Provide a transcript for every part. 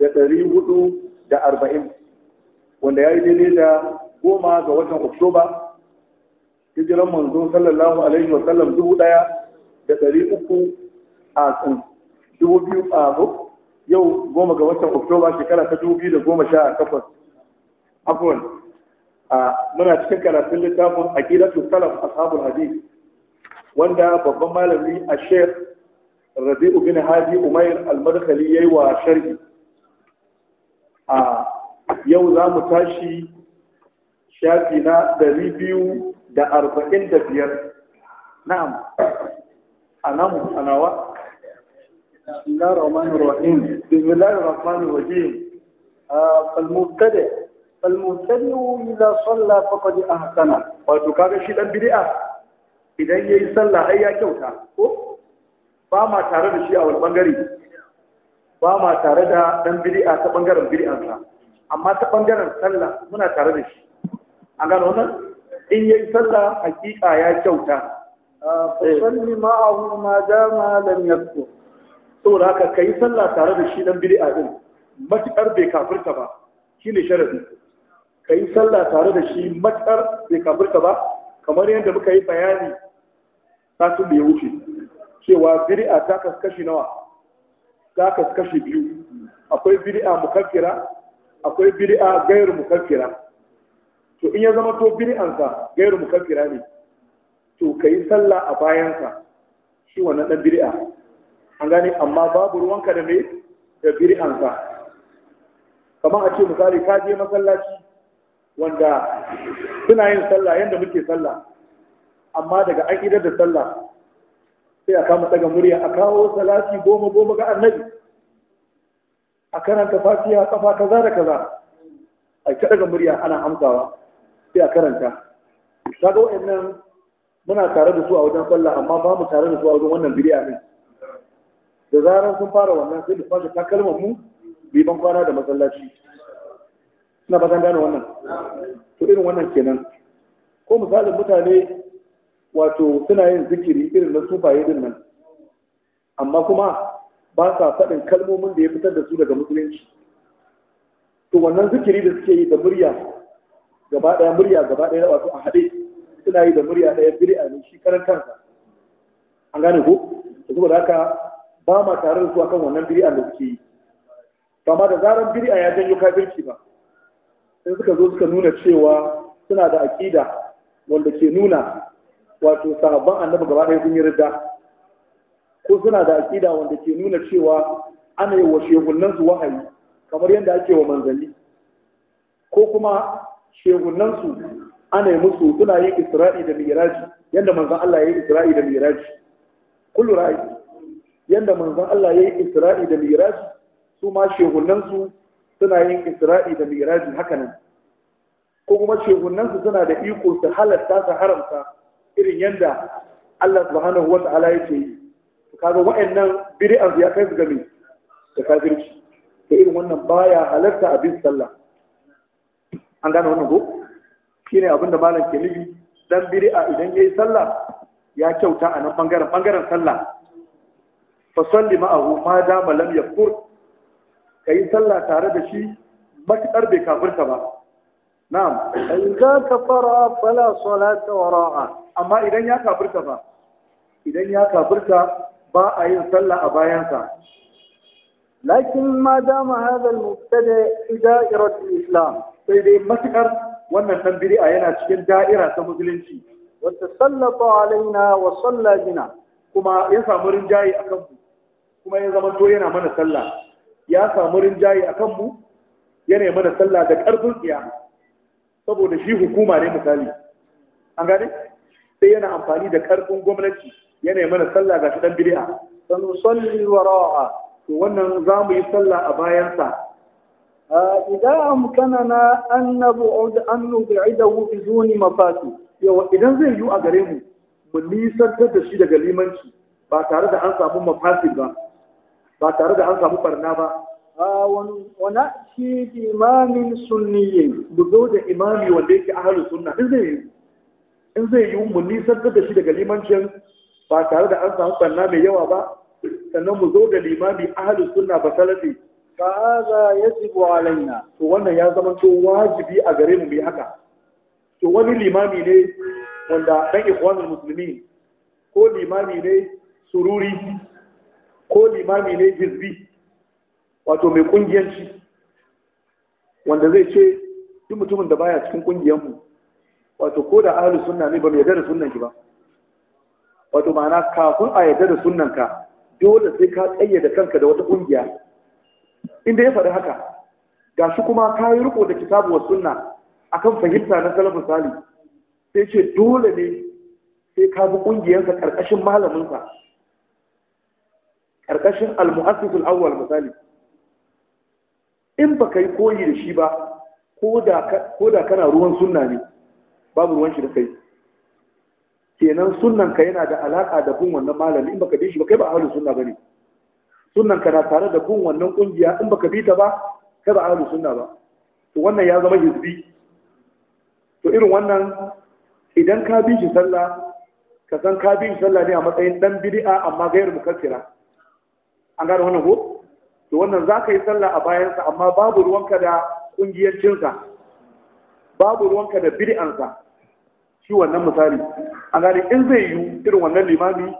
da ɗari hudu da arba'in wanda ya yi daidai da goma ga watan oktoba hijiran manzo sallallahu alaihi wa sallam dubu ɗaya da ɗari uku a dubu biyu a yau goma ga watan oktoba shekara ta dubu biyu da goma sha takwas afuwan muna cikin karatun littafin aqidatu salaf ashabul hadith wanda babban malami a sheikh rabi'u bin hadi umair al-madkhali yayi wa sharhi a yau za mu tashi shafi na ɗari biyu da arba'in da biyar Na na'am a nan anawa بسم الله الرحمن الرحيم بسم الله الرحمن الرحيم فالمبتدئ فالمبتدئ إذا صلى فقد أحسن wato kaga shi dan bid'a idan yayi sallah ai ya kyauta ko ba ma tare da shi a wani bangare ba ma tare da dan bid'a ta bangaren bid'ansa amma ta bangaren sallah muna tare da shi an gano wannan in yayi sallah hakika ya kyauta ah, fasalli ma'ahu ma dama lam yakfur saboda haka kai sallah tare da shi dan bid'a din matukar bai kafirta ba shine sharadi kai sallah tare da shi matukar bai kafirta ba kamar yadda muka yi bayani satin da ya wuce cewa bid'a ta kaskashi nawa za ka kashe biyu akwai bid'a mukaffira akwai bid'a gairu mukaffira to in ya zama to bid'ansa gairu mukaffira ne to kai sallah a bayansa shi wannan dan bid'a an gane amma babu ruwanka da me da bid'ansa kamar a ce misali ka je masallaci wanda suna yin sallah yadda muke sallah amma daga an idar da sallah sai a kama daga murya a kawo salati goma goma ga annabi a karanta fatiha kafa kaza da kaza a ta daga murya ana amsawa sai a karanta kaga wa'annan muna tare da su a wajen sallah amma ba mu tare da su a wajen wannan bidiya ne da zarar sun fara wannan sai mu kwashe takalmar mu bi ban kwana da masallaci ina ba zan gane wannan to irin wannan kenan ko misalin mutane wato suna yin zikiri irin na sufaye din nan amma kuma ba sa faɗin kalmomin da ya fitar da su daga musulunci to wannan zikiri da suke yi da murya gaba ɗaya murya gaba ɗaya wato a haɗe suna yi da murya ɗaya bir'a ne shi karan kansa an gane ko da saboda haka ba ma tare da su akan wannan bir'a da suke yi Ba ma da zaran bir'a ya janyo kafirci ba sai suka zo suka nuna cewa suna da aƙida wanda ke nuna wato sahabban annabi gaba ɗaya sun yi rida ko suna da aƙida wanda ke nuna cewa ana yi wa shehunansu wahayi kamar yadda ake wa manzanni ko kuma shehunansu ana yi musu suna yin isra'i da miraji yadda manzan Allah ya yi isra'i da miraji kullu ra'ayi yadda manzan Allah ya yi isra'i da miraji su ma shehunansu suna yin isra'i da miraji haka nan ko kuma shehunansu suna da iko su halatta su haramta irin yadda Allah subhanahu wa ta'ala ya yi kaga wa'annan bid'an ya kai su ga da kafirci to irin wannan baya halarta abin sallah an gane wannan ko shine abinda malam ke nufi dan bid'a idan yayi sallah ya kyauta a nan bangaren bangaren sallah fa salli ma'ahu ma dama lam yakfur kai sallah tare da shi matakar bai kafirta ba na'am in ka kafara fala salata wara'a amma idan ya kafirta ba idan ya kafirta ba a yin sallah a bayansa lakin ma dama hadha al da fi islam sai dai matukar, wannan dan a yana cikin da'ira ta musulunci wa tasallata alaina wa salla bina kuma ya samu rinjaye a kanmu, kuma ya zama to yana mana sallah ya samu rinjaye a kanmu yana mana sallah da karfin tsiya saboda shi hukuma ne misali an gane sai yana amfani da karfin gwamnati yana mana sallah ga shi dan bid'a san salli ra'a to wannan za mu yi sallah a bayansa idan amkanana an nabu'ud an bi zuni mafati yawa idan zai yi a gare mu mu nisantar da shi daga limanci ba tare da an samu mafasi ba ba tare da an samu barna ba wana shi bi imamin sunniye buzo da imami wanda yake ahalu sunna in zai in zai yi mu nisan da shi daga limancin ba tare da an samu banna mai yawa ba sannan mu zo da limami ahalu sunna ba salafi fa hadha yajibu alaina to wannan ya zama to wajibi a gare mu bi haka to wani limami ne wanda dan ikhwanul musulmi? ko limami ne sururi ko limami ne hizbi wato mai kungiyanci wanda zai ce duk mutumin da baya cikin kungiyanmu wato ko da ahli sunna ne ba mu yarda da sunnan ki ba wato ma'ana kafin a yarda da sunnan ka dole sai ka tsayyada kanka da wata kungiya inda ya faɗi haka gashi kuma ka yi riko da kitabu wa sunna akan fahimta na salafin salih sai ce dole ne sai ka bi kungiyarsa karkashin malaminsa karkashin al-mu'assis al-awwal misali in ba ka yi koyi da shi ba ko da kana ruwan sunna ne babu ruwan shi da kai kenan sunnan ka yana da alaka da kun wannan malami in baka bi shi ba kai ba ahlus sunna bane sunnan ka na tare da kun wannan kungiya in baka bi ta ba kai ba ahlus sunna ba to wannan ya zama hizbi to irin wannan idan ka bi shi sallah ka san ka bi shi sallah ne a matsayin dan bid'a amma gairu mukaffira an gane wannan ko to wannan za ka yi sallah a bayansa amma babu ruwanka da ƙungiyancinsa babu ruwanka da bid'ansa shi wannan misali a gani in zai yi irin wannan limami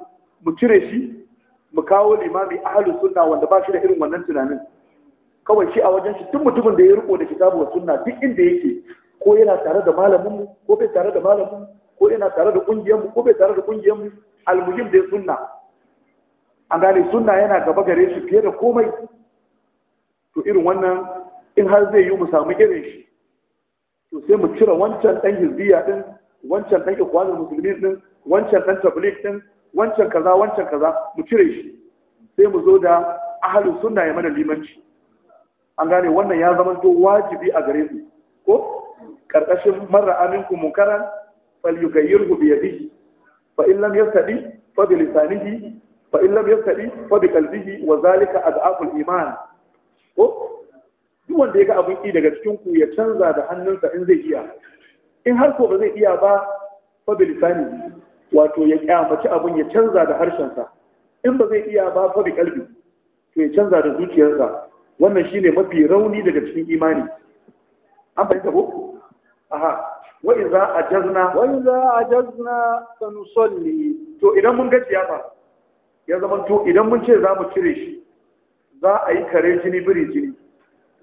mu cire shi mu kawo limami ahlus sunna wanda ba shi da irin wannan tunanin kawai shi a wajen shi tun mutumin da ya riko da kitabu wa sunna duk inda yake ko yana tare da malamin mu ko bai tare da malamin mu ko yana tare da kungiyar mu ko bai tare da kungiyar mu almuhim da sunna an gane sunna yana gaba gare shi fiye da komai to irin wannan in har zai yi mu samu irin shi to sai mu cire wancan dan hizbiya din wancan dan ikwanul muslimin din wancan dan tabligh din wancan kaza wancan kaza mu cire shi sai mu zo da ahlus sunna ya mana limanci an gane wannan ya zama to wajibi a gare mu ko karkashin marra aminku munkaran falyughayyirhu bi yadihi fa in lam yastadi fa bi lisanihi fa in lam yastadi fa bi qalbihi wa zalika adaful iman ko duk wanda ya ga abin ki daga cikin ku ya canza da hannunsa in zai iya in har ko ba zai iya ba fa bil lisani wato ya kyamaci abin ya canza da harshensa in ba zai iya ba fa bi kalbi to ya canza da zuciyarsa wannan shine mafi rauni daga cikin imani an fahimta ko aha wa idza ajazna wa idza ajazna sanusalli to idan mun ga ba ya zama to idan mun ce za mu cire shi za a yi kare jini biri jini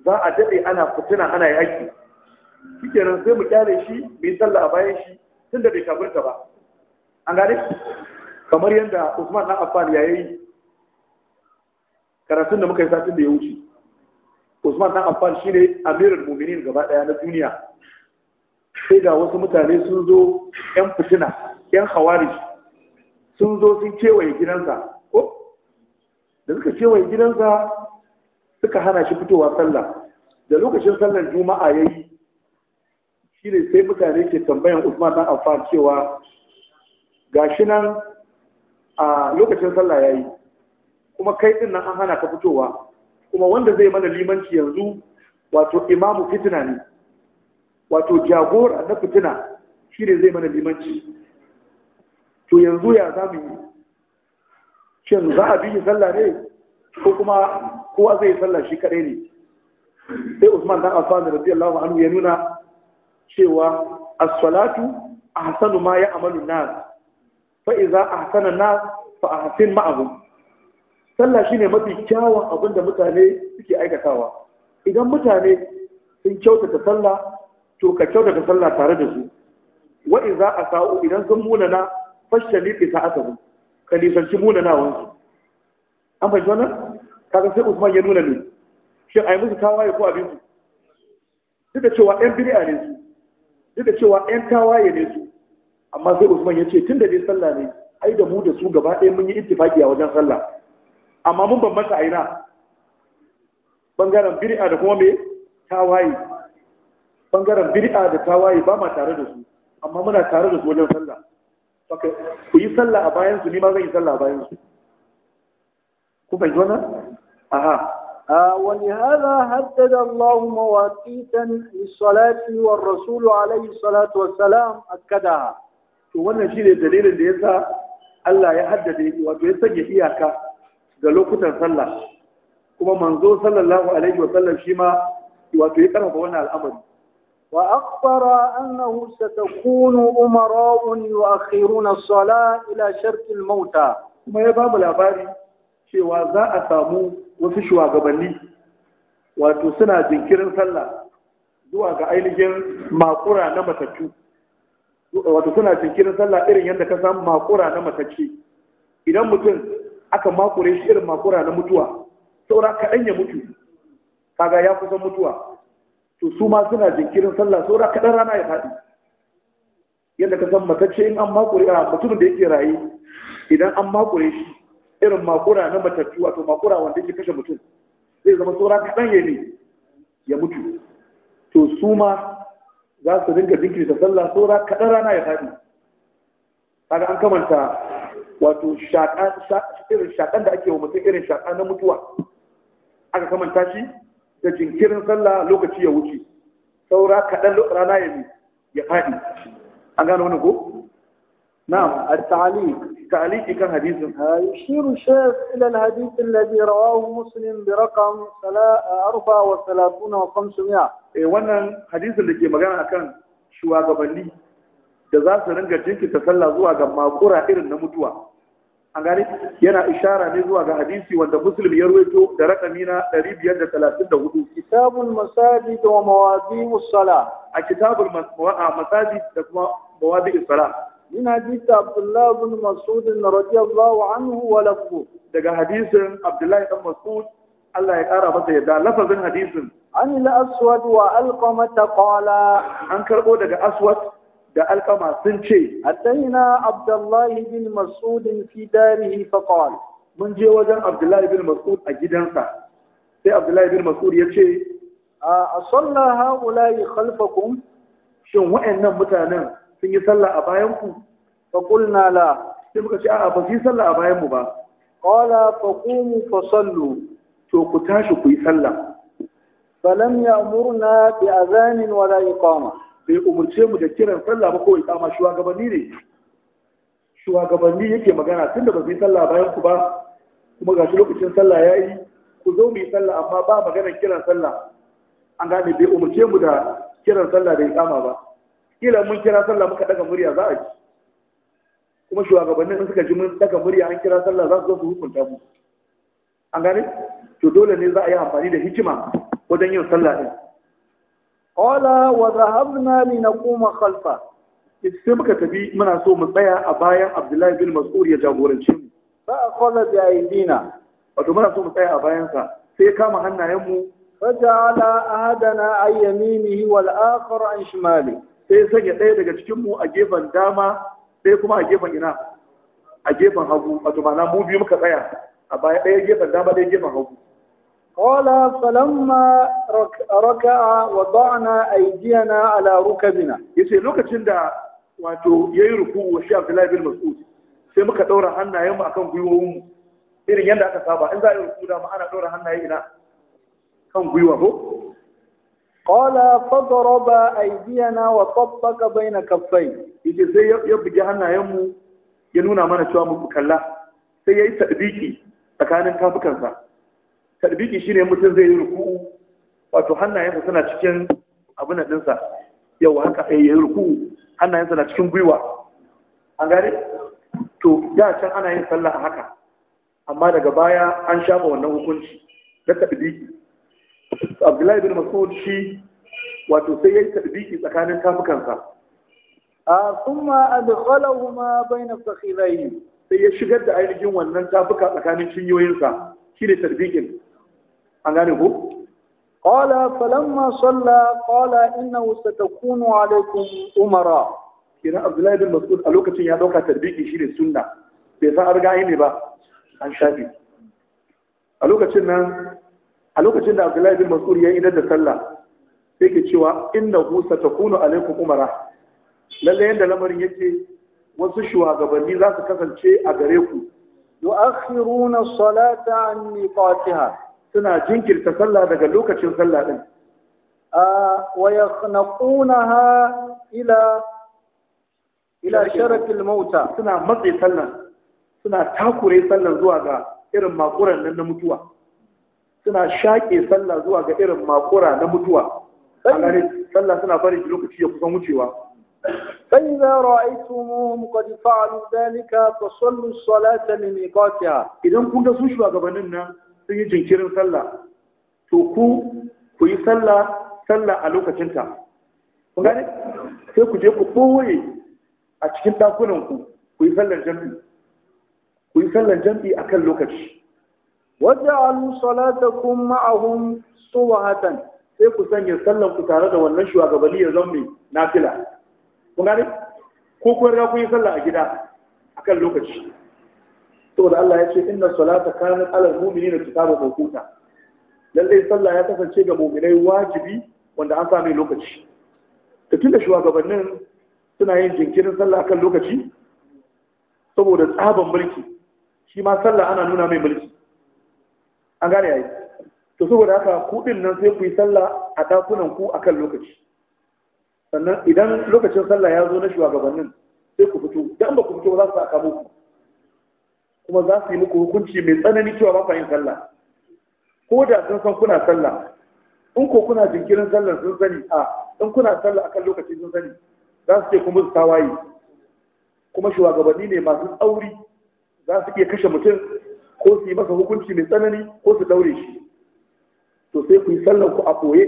za a daɗe ana fitina ana yaƙi nan, sai mu kyale shi mu yi sallah a bayan shi tun da bai kafirta ba an gane kamar yadda Usman na Affan ya yi karatun da muka yi satin da ya wuce Usman na Affan shine amirul mu'minin gaba daya na duniya sai ga wasu mutane sun zo yan fitina yan khawarij sun zo sun kewaye gidansa da suka ce wa gidansa suka hana shi fitowa sallah da lokacin sallar juma'a yayi shi ne sai mutane ke tambayan usman dan affan cewa gashi nan a lokacin sallah yayi kuma kai din nan an hana ka fitowa kuma wanda zai mana limanci yanzu wato imamu fitina ne wato jagora na fitina shi ne zai mana limanci to yanzu ya zamu shin za a bi sallah ne ko kuma kowa zai sallah shi kaɗai ne sai Usman dan Affan Allah anhu ya nuna cewa as-salatu ahsanu ma ya'malu nas fa idza ahsana nas fa ahsin ma'abu. sallah shine mafi kyawun abin da mutane suke aikatawa idan mutane sun kyautata sallah to ka kyautata sallah tare da su wa idza asa'u idan sun munana fashali bi sa'atuhum muna na munanawansu an fahimci wannan kaga sai usman ya nuna ne shin a yi musu tawaye ko abin su duk da cewa yan bid'a ne su duk da cewa yan tawaye ne su amma sai usman ya ce tun da dai sallah ne ai da mu da su gaba ɗaya mun yi ittifaki a wajen sallah amma mun bambanta a ina bangaren bid'a da kuma me tawaye bangaren bid'a da tawaye ba ma tare da su amma muna tare da su wajen sallah ku yi sallah a bayan su ni ma zan yi sallah a bayan su ku fahimci wannan aha ولهذا حدد الله مواقيتا للصلاة والرسول عليه الصلاة والسلام أكدها wannan shi ne dalilin da ya sa Allah ya haddade wato ya sanya iyaka ga lokutan sallah kuma manzo sallallahu alaihi wa sallam shi ma wato ya karfafa wannan al'amari وأخبر أنه ستكون أمراء يؤخرون الصلاة إلى شرط الموتى ما يباب الأباري cewa za a samu wasu shugabanni wato suna jinkirin sallah zuwa ga ainihin wato suna jinkirin sallah irin yadda ka samu makura na matacce idan mutum aka makure irin makura na mutuwa saura kaɗan ya mutu kaga ya kusan mutuwa to su ma suna jinkirin sallah saura kaɗan rana ya faɗi yadda ka san matacce in an makure a mutum da yake raye idan an makure shi irin makura na matattu wato makura wanda yake kashe mutum zai zama saura kaɗan ya ne ya mutu to su ma za su dinga jinkirta sallah saura kaɗan rana ya faɗi kaga an kamanta wato irin shaƙan da ake wa mutum irin shaƙa na mutuwa aka kamanta shi da jinkirin sallah lokaci ya wuce saura kaɗan rana ya yi ya faɗi an gano wani ko na al-tali tali ikan hadisin a yushiru shekh ilal hadisin da bi rawahu muslim bi raqam sala arba wa salatuna eh wannan hadisin da ke magana akan shuwagabanni da za su ringa jinkirta sallah zuwa ga makura irin na mutuwa an gane yana ishara ne zuwa ga hadisi wanda muslim ya ruwaito da rakami na 534 kitabul masajid wa mawadi'us sala a kitabul masajid da kuma mawadi'us sala min hadisi abdullah ibn mas'ud radiyallahu anhu wa lafzu daga hadisin abdullah ibn mas'ud Allah ya kara masa yadda lafazin hadisin an al aswad wa alqamata qala an karbo daga aswad da alkama sun ce ataina abdullahi bin mas'ud fi darihi fa qala mun je wajen abdullahi bin mas'ud a gidansa sai abdullahi bin mas'ud ya ce a salla haula'i khalfakum shin wa'annan mutanen sun yi sallah a bayan ku fa qulna la sai muka ce a'a ba su yi sallah a bayan mu ba qala fa qumu fa sallu to ku tashi ku yi sallah falam ya'murna bi azanin wala iqama bai umarce mu da kiran sallah ba kawai kama shugabanni ne shugabanni yake magana tun da ba su yi sallah bayan ku ba kuma gashi lokacin sallah ya yi ku zo mu yi sallah amma ba maganar kiran sallah an gane bai umarce mu da kiran sallah da tsama ba kila mun kira sallah muka daga murya za a ji kuma shugabannin suka ji mun daga murya an kira sallah za su zo su hukunta mu an gane to dole ne za a yi amfani da hikima wajen yin sallah ɗin? qala wa na kuma khalfa sai muka tafi muna so mu tsaya a bayan Abdullahi bin Mas'ud ya jagorance mu fa akhadha bi aydina wato muna so mu tsaya a bayansa sai kama hannayen mu فجعل أحدنا عن يمينه والآخر عن شماله sai sanya ɗaya daga cikin mu a gefen dama sai kuma a gefen ina a gefen hagu wato ma'ana mu biyu muka tsaya a baya ɗaya gefen dama ɗaya gefen hagu قال فلما ركع وضعنا أيدينا على ركبنا يسير لوكا تشندا واتو يركو وشي عبد الله بن مسعود sai muka ɗaura hannayenmu akan mu. irin yadda aka saba in za a yi rukuda mu ana ɗaura hannaye ina kan gwiwa ko qala fadaraba aydiyana wa tabbaqa baina kaffai yace sai ya bugi hannayenmu ya nuna mana cewa mu kalla sai yayi tadbiki tsakanin kafukansa shi shine mutum zai yi ruku'u wato hannayensa suna cikin abin ɗinsa yau haka sai eh, ya yi ruku'u hannayensa na cikin gwiwa an gane to da can ana yin sallah a haka amma daga baya an shafa wannan hukunci na tadbiki abdullahi bin mas'ud shi wato sai ya yi tarbiki tsakanin kafukansa a ah, kuma adkhalahuma bayna fakhidayhi sai ya shigar da ainihin wannan tafuka tsakanin cinyoyinsa shine tarbikin. an gane ko qala falamma salla qala innahu satakunu alaikum umara kina abdullahi bin mas'ud a lokacin ya dauka tarbiki shi ne sunna bai san arga'i ne ba an shafi a lokacin nan a lokacin da abdullahi bin mas'ud ya yi da sallah sai ke cewa innahu satakunu alaikum umara lalle yanda lamarin yake wasu shugabanni za su kasance a gare ku yu'akhiruna as-salata an miqatiha suna jinkirta sallah daga lokacin sallah din wa yakhnaqunaha ila ila sharakil mauta suna matse sallan suna takure sallan zuwa ga irin makuran nan na mutuwa suna shaƙe sallah zuwa ga irin makura na mutuwa a gare sallah suna bari lokaci ya kusan wucewa فإذا رأيتموهم قد salata min iqatiha Idan kun ga su shugabannin nan sun yi jinkirin sallah to ku ku yi sallah sallah a lokacinta kun gane sai ku je ku ɓoye a cikin ɗakunan ku ku yi sallar jam'i ku yi sallar jam'i akan lokaci kun salatakum ma'ahum subhatan sai ku sanya sallar ku tare da wannan shugabanni ya zama nafila kun gane ko kun riga ku yi sallah a gida akan lokaci saboda Allah ya ce inna salata kanat alal mu'minina kitaban mawquta lallai sallah ya kasance ga mu'minai wajibi wanda an sa mai lokaci to tunda shugabannin suna yin jinkirin sallah kan lokaci saboda tsaban mulki shi ma sallah ana nuna mai mulki an gane yayi to saboda haka ku din nan sai ku yi sallah a dakunan ku akan lokaci sannan idan lokacin sallah ya zo na shugabannin sai ku fito dan ba ku fito ba za su aka muku kuma za su yi muku hukunci mai tsanani cewa ba yin sallah ko da sun san kuna sallah in ko kuna jinkirin sallah sun sani a in kuna sallah akan lokaci sun sani za su ce kuma su tawaye kuma shugabanni ne masu tsauri za su iya kashe mutum ko su yi masa hukunci mai tsanani ko su daure shi to sai ku yi sallah ku a koye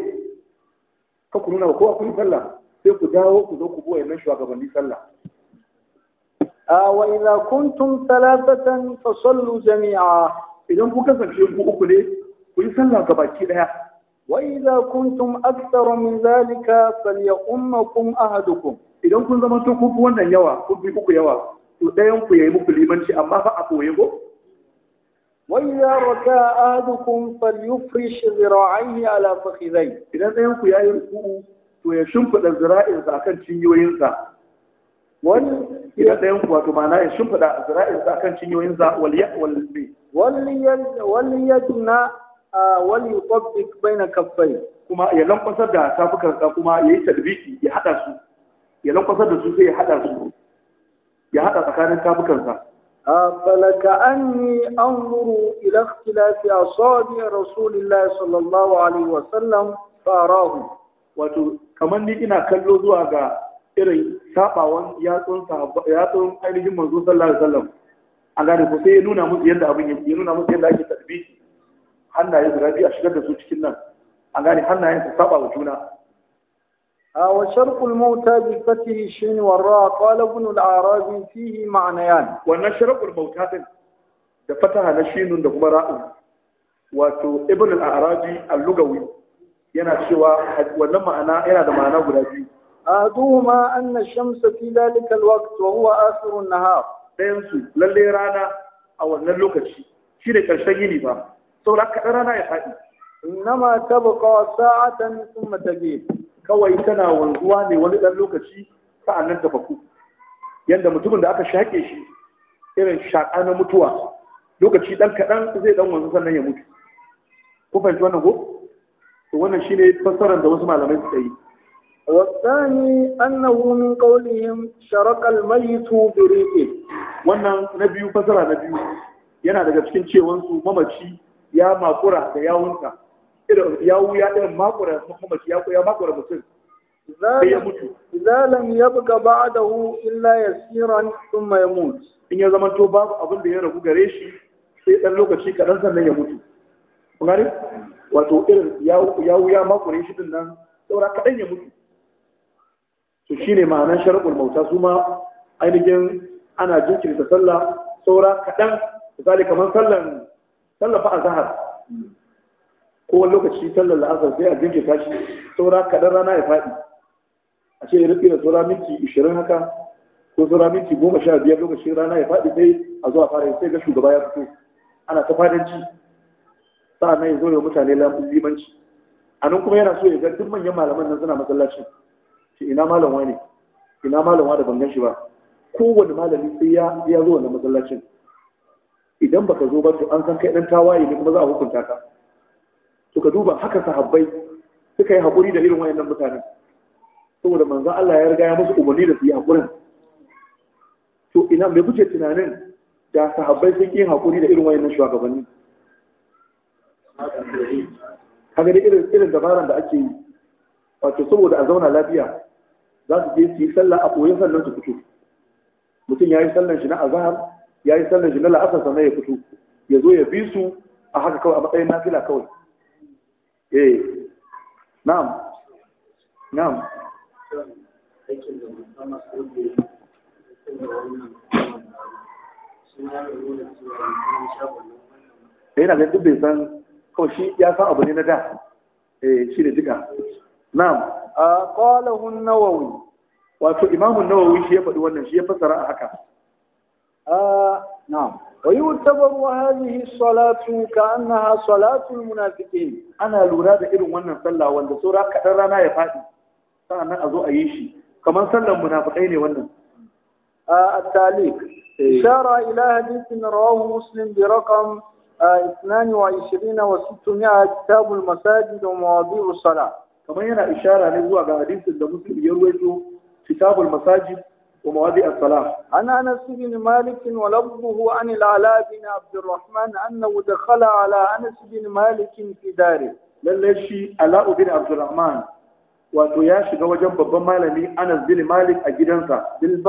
ka ku nuna ko ku yi sallah sai ku dawo ku zo ku bi nan shugabanni sallah Ah, wa idza kuntum thalathatan fasallu jami'a idan ku kasance ku uku ne ku yi sallah gabaki daya wa idza kuntum akthara min zalika falyummakum ahadukum idan kun zama to wannan yawa ku bi uku yawa to yayi muku limanci amma fa a koye ko وإذا ركع أحدكم فليفرش ذراعيه على فخذيه إذا أنكم يا يركوع ويشنفذ الذراع إذا كان تشيوينسا wani ila ɗayan ku wato ma'ana ya shimfiɗa a zira'in sa kan cinyoyin za wal ya wal bi wal yajna wal yutabbiq baina kaffai kuma ya lankwasar da tafukan sa kuma yayi tadbiki ya hada su ya lankwasar da su sai ya hada su ya hada tsakanin tafukan sa فلكأني أنظر إلى اختلاف أصابع رسول الله صلى الله عليه وسلم فأراه wato kamar ni ina kallo zuwa ga irin sabawan yatsun yatsun ainihin manzo sallallahu alaihi wasallam an gane ko sai ya nuna musu yadda abin yake ya nuna musu yadda ake tasbihi hannaye su biyu a shigar da su cikin nan an gane hannayen su saba wa juna وشرق الموتى بفتح الشين والراء fihi ابن العربي فيه معنيان ونشرق din da fataha na shinun da kuma ra'u wato ibn al-arabi al-lugawi yana cewa wannan ma'ana yana da ma'ana guda biyu أحدهما أن الشمس في ذلك الوقت وهو آخر النهار ɗayansu lalle rana a wannan lokaci shi ne ƙarshen yini ba saboda haka rana ya faɗi nama tabqa sa'atan thumma tagib kawai tana wanzuwa ne wani ɗan lokaci sa'annan ta faku yanda mutumin da aka shaƙe shi irin shaƙa na mutuwa lokaci ɗan kaɗan zai ɗan wanzu sannan ya mutu ku fahimci wannan ko to wannan shine fassarar da wasu malamai suka yi Wasani أنه من قولهم شرق الميت بريئه wannan na biyu fasara na biyu yana daga cikin cewansu mamaci ya makura da yawunsa yawu ya ɗin makura mamaci ya ya makura mutum sai ya mutu zalam ya buga ba'dahu illa yasiran thumma yamut in ya zama to babu abin da ya ragu gare shi sai ɗan lokaci kaɗan sannan ya mutu kun irin yawu ya makure shi din nan saura kaɗan ya mutu to shine ma'anan sharqul mauta su ma ainihin ana jinkirta sallah saura kaɗan misali kamar sallan sallah fa azhar ko wani lokaci sallar la'azar sai a jinkirta shi saura kaɗan rana ya faɗi a ce rufi da saura minti ishirin haka ko saura minti goma sha biyar lokacin rana ya faɗi sai a zuwa fara sai ga shugaba ya fito ana ta fadanci sa'an nan ya zo mutane lamun limanci a nan kuma yana so ya ga duk manyan malaman nan suna masallacin ce ina malam wani ina malam wani ban gan shi ba kowane malami sai ya ya zo wannan masallacin idan baka zo ba to an san kai dan tawaye ne kuma za a hukunta ka to ka duba haka sahabbai suka yi hakuri da irin wayannan mutanen saboda manzon Allah ya riga ya musu umarni da su yi hakurin to ina me kuke tunanin da sahabbai sun yi hakuri da irin wayannan shugabanni kaga ne irin irin dabaran da ake yi wato saboda a zauna lafiya za su je su yi sallah a ɓoye sannan su fito mutum ya yi sallar shi na azahar ya yi sallar shi na la'asar sannan ya fito ya zo ya bi su a haka kawai a matsayin nafila kawai eh na'am na'am yana eh, ganin duk bai san kawai shi ya san abu ne na da eh, shi da duka na'am qalahu ƙwalahun nawawi wato imam an-nawawi shi ya faɗi wannan shi ya fasara a haka na'am wa yu'tabaru hadhihi as-salatu ka ka'annaha salatu al-munafiqin ana lura da irin wannan sallah wanda saura kaɗan rana ya faɗi sa'annan a zo a yi shi kamar sallan munafiqai ne wannan a التعليق إشارة إلى حديث رواه مسلم برقم 22 و600 كتاب المساجد ومواضيع الصلاة kamar yana ishara ne zuwa ga hadisin da muslim ya ruwaito kitabul masajid wa mawadi as-salah an anas bin malik wa labbuhu an al-ala bin abd arrahman annahu dakhala ala anas bin malik shi ala bin wato ya shiga wajen babban malami anas bin malik a gidansa bil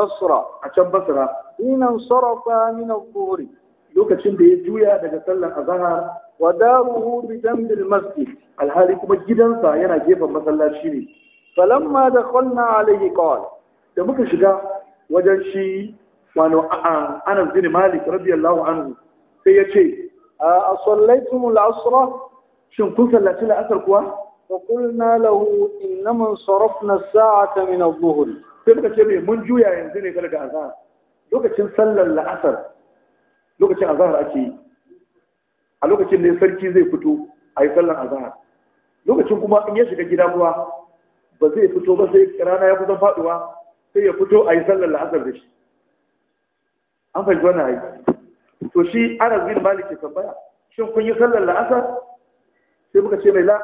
a can basra ina sarafa min al lokacin da ya juya daga sallar azahar. wa daruhu bi jambil masjid alhali kuma gidansa yana gefen masallaci ne falamma da khalna alayhi qala da muka shiga wajen shi wano anas bin malik radiyallahu anhu sai ya ce a sallaitum al shin kun sallaci la'asar kuwa فقلنا له إنما انصرفنا الساعة من الظهر تبقى تبقى من جويا ينزل يقول لك أزهر Lokacin sallar الأثر lokacin تنسل ake yi. a lokacin da sarki zai fito a yi sallar azahar lokacin kuma in ya shiga gida kuwa ba zai fito ba sai rana ya kusan faduwa sai ya fito a yi sallar la'asar da shi an fahimci wannan aiki to shi anas bin malik ke tambaya shin kun yi sallar la'asar sai muka ce mai la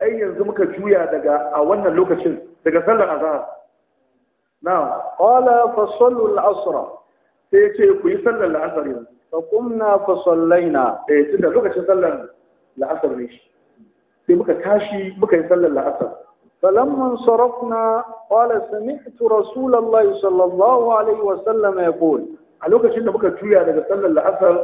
ai yanzu muka juya daga a wannan lokacin daga sallar azahar. na qala fa sallu al-asr sai ya ce ku yi sallar la'asar yanzu fa kumna fa sallaina eh tunda lokacin sallar la'asar ne shi sai muka tashi muka yi sallar la'asar falamman sarafna qala sami'tu rasulullahi sallallahu alaihi wa sallam yaqul a lokacin da muka tuya daga sallar la'asar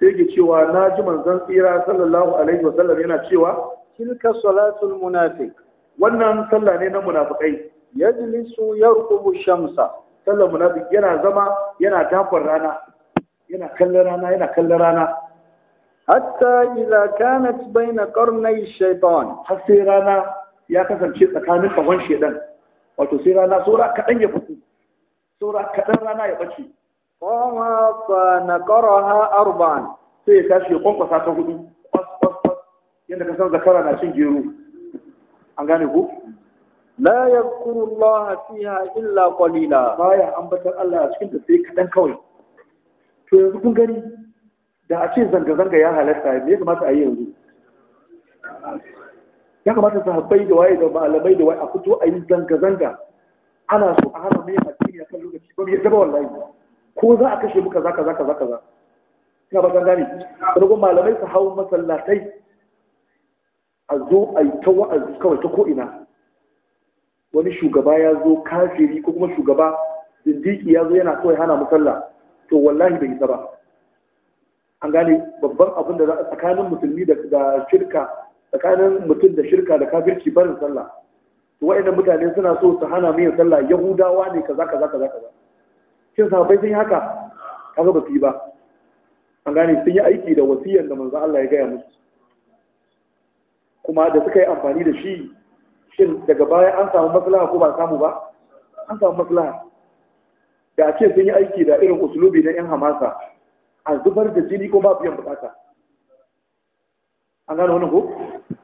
sai yake cewa na ji manzon tsira sallallahu alaihi wa sallam yana cewa tilka salatul munafiq wannan sallah ne na munafikai yajlisu yarqubu shamsa sallar munafiq yana zama yana dakon rana yana kallon rana yana kallon rana hatta idza kanat baina qarnay shaytan har sai rana ya kasance tsakanin kafan shedan wato sai rana saura kadan ya fito saura kadan rana ya bace qama fa naqaraha arba'an sai ya tashi kwankwasa ta hudu kwas yadda ka san zakara na cin gero an gane ko la yadhkuru Allah fiha illa qalila baya ambatar Allah a cikin da sai kadan kawai to yanzu kun gani da a ce zanga-zanga ya halatta me ya kamata a yi yanzu ya kamata su haɓai da waye da malamai da waye a fito a yi zanga-zanga ana so a hana mai addini a kan lokaci ba mai yadda ba wallahi ko za a kashe muka za kaza kaza kaza ina ba san gane kuma malamai su hau masallatai a zo a yi ta wa'azi kawai ta ko'ina wani shugaba ya zo kafiri ko kuma shugaba zindiki ya zo yana kawai hana musalla to wallahi bai isa ba an gane babban abin da tsakanin musulmi da shirka tsakanin mutum da shirka da kafirci barin sallah to wa'annan mutane suna so su hana mu sallah yahudawa ne kaza kaza kaza kaza shin sahabbai sun yi haka kaga ba su yi ba an gane sun yi aiki da wasiyan da manzo Allah ya gaya musu kuma da suka yi amfani da shi shin daga baya an samu maslaha ko ba samu ba an samu maslaha da a sun yi aiki da irin usulubi na 'yan hamasa a zubar da jini ko ba biyan bukata an gano wani ko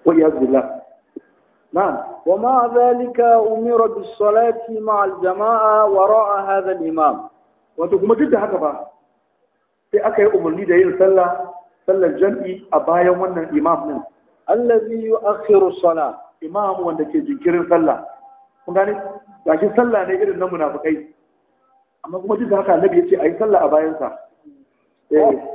Ko iya zubila na'am wa ma zalika umira bis salati ma al jama'a wa ra'a hadha al imam wato kuma duk da haka ba sai aka yi umarni da yin sallah sallar jam'i a bayan wannan imam din allazi yu'akhiru salat imam wanda ke jinkirin sallah kun gane gashi sallah ne irin na munafikai amma kuma duk da haka annabi yace ayi sallah a bayansa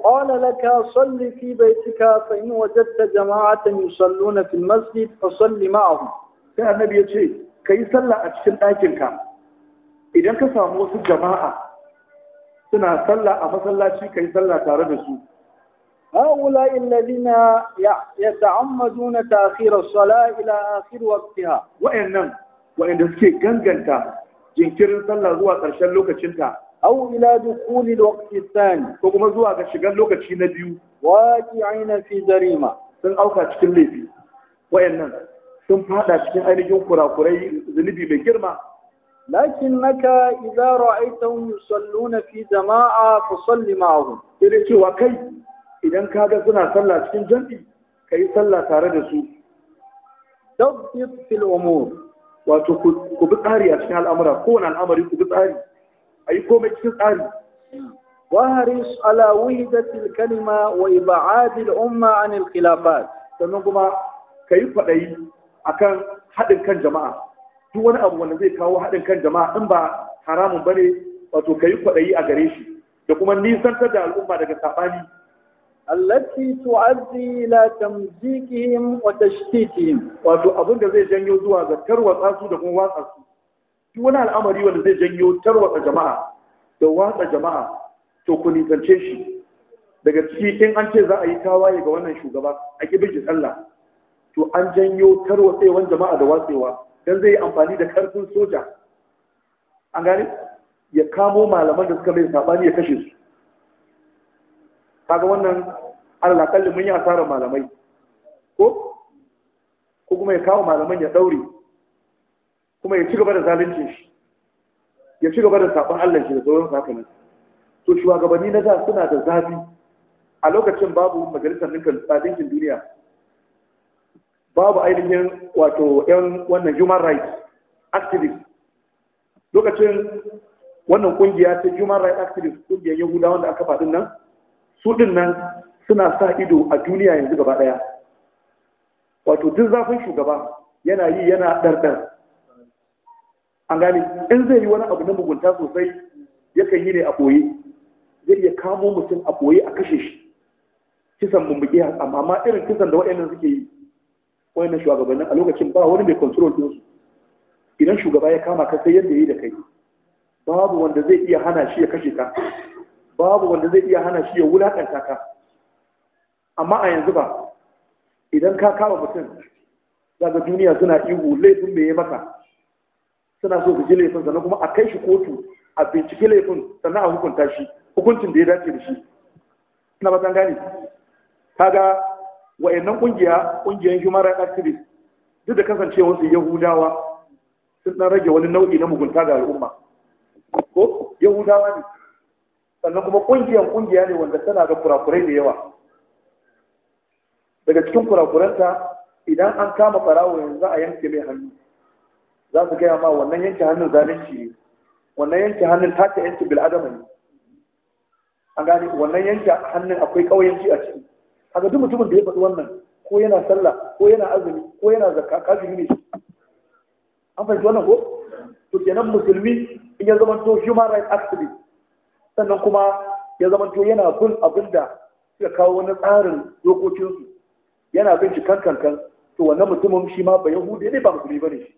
قال لك صل في بيتك فإن وجدت جماعة يصلون في المسجد فصل معهم sai annabi ya ce ka yi sallah a cikin ɗakinka idan ka samu wasu jama'a suna sallah a masallaci ka yi sallah tare da su هؤلاء الذين يتعمدون تأخير الصلاة إلى آخر وقتها وإنهم وإن سكي غنغنتا jinkirin sallah zuwa ƙarshen lokacinta aw ila dukhuli alwaqti thani ko kuma zuwa ga shigan lokaci na biyu waqi'ina fi darima sun auka cikin laifi wayannan sun fada cikin ainihin kurakurai zunubi mai girma Lakin naka idza ra'aytahum yusalluna fi jama'a salli ma'ahum sai cewa kai idan ka ga suna sallah cikin jami'i kai sallah tare da su dabbit fil umur wato ku bi tsari a cikin al'amura kowane al'amari ku bi tsari a yi komai cikin tsari وهرس على وحدة wa وإبعاد umma عن الخلافات sannan kuma ka yi akan a kan haɗin kan jama'a duk wani abu wanda zai kawo haɗin kan jama'a in ba haramun ba ne wato ka yi a gare shi da kuma nisantar da al'umma daga saɓani allati tu'addi ila tamjikihim wa tashtitihim wato abin da zai janyo zuwa ga tarwatsa su da kuma watsa su shi wani al'amari wanda zai janyo tarwatsa jama'a da watsa jama'a to ku nisance shi daga in an ce za a yi tawaye ga wannan shugaba a kibin sallah to an janyo tarwatsewan jama'a da watsewa dan zai yi amfani da karfin soja an gane ya kamo malaman da suka mai sabani ya kashe su kaga wannan Allah kalli mun yi asarar malamai ko ko kuma ya kawo malaman ya daure kuma ya ci gaba da zalunci shi ya ci gaba da sabon Allah shi da sauran sakamakon to shugabanni na da suna da zafi a lokacin babu majalisar ninkan tsadinkin duniya babu ainihin wato yan wannan human rights activist lokacin wannan kungiya ta human rights activist kungiyar yahudawa wanda aka faɗin nan su ɗin nan suna sa ido a duniya yanzu gaba daya wato duk zafin shugaba yana yi yana ɗarɗar an gane in zai yi wani abu na mugunta sosai yakan yi ne a ɓoye zai iya kamo mutum a ɓoye a kashe shi kisan mummuke amma irin kisan da waɗannan suke yi waɗannan shugabannin a lokacin ba wani mai control ɗinsu idan shugaba ya kama ka sai yadda ya yi da kai babu wanda zai iya hana shi ya kashe ka babu wanda zai iya hana shi ya wulaƙanta ka amma a yanzu ba idan ka kama mutum daga duniya suna ihu laifin mai maka suna so su ji laifin sannan kuma a kai shi kotu a bincike laifin sannan a hukunta shi hukuncin da ya dace da shi na ba gane kaga wayannan kungiya kungiyan human rights activists duk da kasancewar su yahudawa sun dan rage wani nau'i na mugunta ga al'umma ko yahudawa ne sannan kuma ƙungiyar ƙungiya ne wanda tana ga kurakurai da yawa daga cikin kurakuranta idan an kama farawo yanzu a yanke mai hannu za su gaya ma wannan yanke hannun zalunci ne wannan yanke hannun ta yanke bil'adama ne an gani wannan yanke hannun akwai ƙauyenci a ciki haka duk mutumin da ya faɗi wannan ko yana sallah ko yana azumi ko yana zakka kafiri ne an fahimci wannan ko to kenan musulmi in ya zama to human rights activist sannan kuma ya zama to yana bin abin da suka kawo wani tsarin dokokinsu yana bin cikan kankan to wannan mutumin shi ma ba yahudi ne ba musulmi bane shi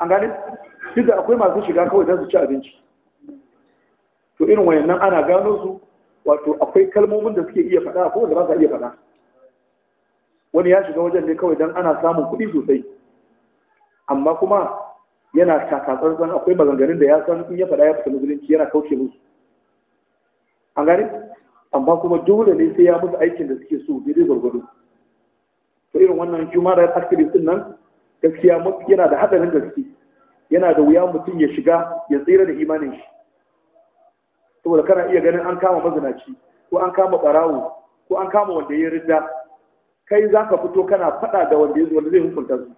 an gane duk da akwai masu shiga kawai don su ci abinci to irin wayannan ana gano su wato akwai kalmomin da suke iya faɗa ko da ba sa iya faɗa wani ya shiga wajen ne kawai don ana samun kuɗi sosai amma kuma yana takatsantsan akwai maganganun da ya san in ya faɗa ya fita musulunci yana kauce musu an gane amma kuma dole ne sai ya musu aikin da suke so daidai gwargwado to irin wannan human rights activist din nan gaskiya yana da haɗarin gaske yana da wuya mutum ya shiga ya tsira da imanin shi saboda kana iya ganin an kama mazinaci ko an kama barawo ko an kama wanda ya ridda kai za ka fito kana faɗa da wanda ya wanda zai hukunta su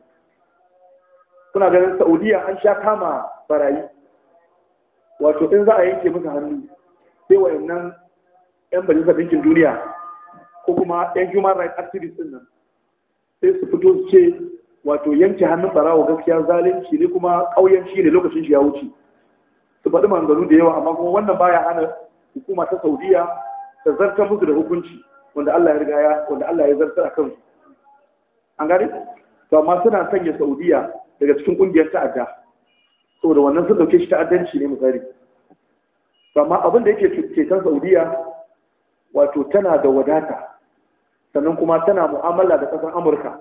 kuna ganin saudiya an sha kama barayi wato in za a yanke musu hannu sai wayannan yan majalisar ɗinkin duniya ko kuma yan human rights activists din nan sai su fito su ce wato yanke hannun barawa gaskiya zalunci ne kuma ƙauyanci ne lokacin shi ya wuce su faɗi manzannu da yawa amma kuma wannan baya hana hukuma ta saudiya ta zartar musu da hukunci wanda Allah ya riga ya wanda Allah ya zartar a kansu an gane to amma suna sanya saudiya daga cikin ƙungiyar ta'adda saboda wannan sun dauke shi ta'addanci ne misali amma abin da yake ceton saudiya wato tana da wadata sannan kuma tana mu'amala da ƙasar amurka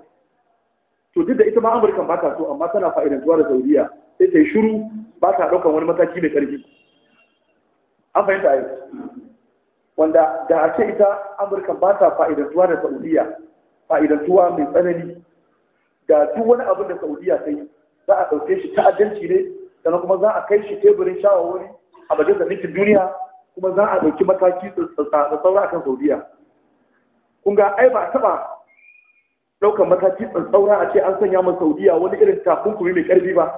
to duk da ita ma amurka ba ta so amma tana fa'idantuwa da saudiya sai ta yi shiru ba ta ɗaukar wani mataki mai ƙarfi an fahimta a wanda da a ce ita amurka ba ta fa'idantuwa da saudiya fa'idantuwa mai tsanani ga duk wani abin da saudiya ta yi za a ɗauke shi ta'addanci ne sannan kuma za a kai shi teburin shawarwari a majalisar ɗinkin duniya kuma za a ɗauki mataki da a kan saudiya kun ga ai ba a taɓa ɗaukar mataki tsaura a ce an sanya ma saudiya wani irin takunkumi mai ƙarfi ba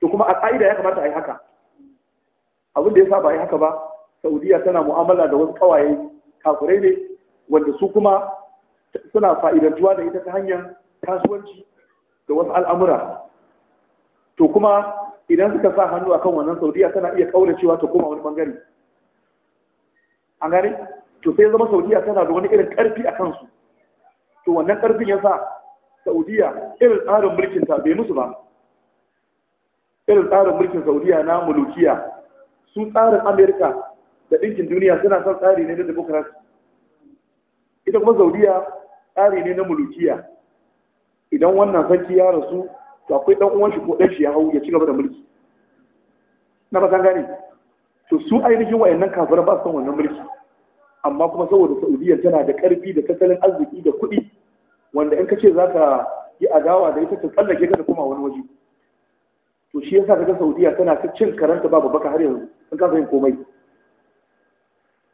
to kuma a ƙa'ida ya kamata a yi haka abin da ya sa ba a yi haka ba saudiya tana mu'amala da wasu ƙawaye kafirai ne wanda su kuma suna fa'idantuwa da ita ta hanyar kasuwanci da wasu al'amura to kuma idan suka sa hannu akan wannan saudiya tana iya kaura cewa ta koma wani bangare an gane to sai zama saudiya tana da wani irin karfi a kansu to wannan karfin ya sa saudiya irin tsarin mulkin ta bai musu ba irin tsarin mulkin saudiya na mulukiya su tsarin amerika da ɗinkin duniya suna son tsari ne na democracy ita kuma saudiya tsari ne na mulukiya idan wannan sarki ya rasu to akwai dan uwan shi ko dan shi ya hau ya ci da mulki na ba san gane to su ainihin wayannan kafiran ba su san wannan mulki amma kuma saboda Saudiya tana da karfi da tattalin arziki da kuɗi wanda in ka ce za ka yi adawa da ita ta tsallake ka da kuma wani waje to shi yasa kaga Saudiya tana ta cin karanta babu baka har yanzu sun kasa yin komai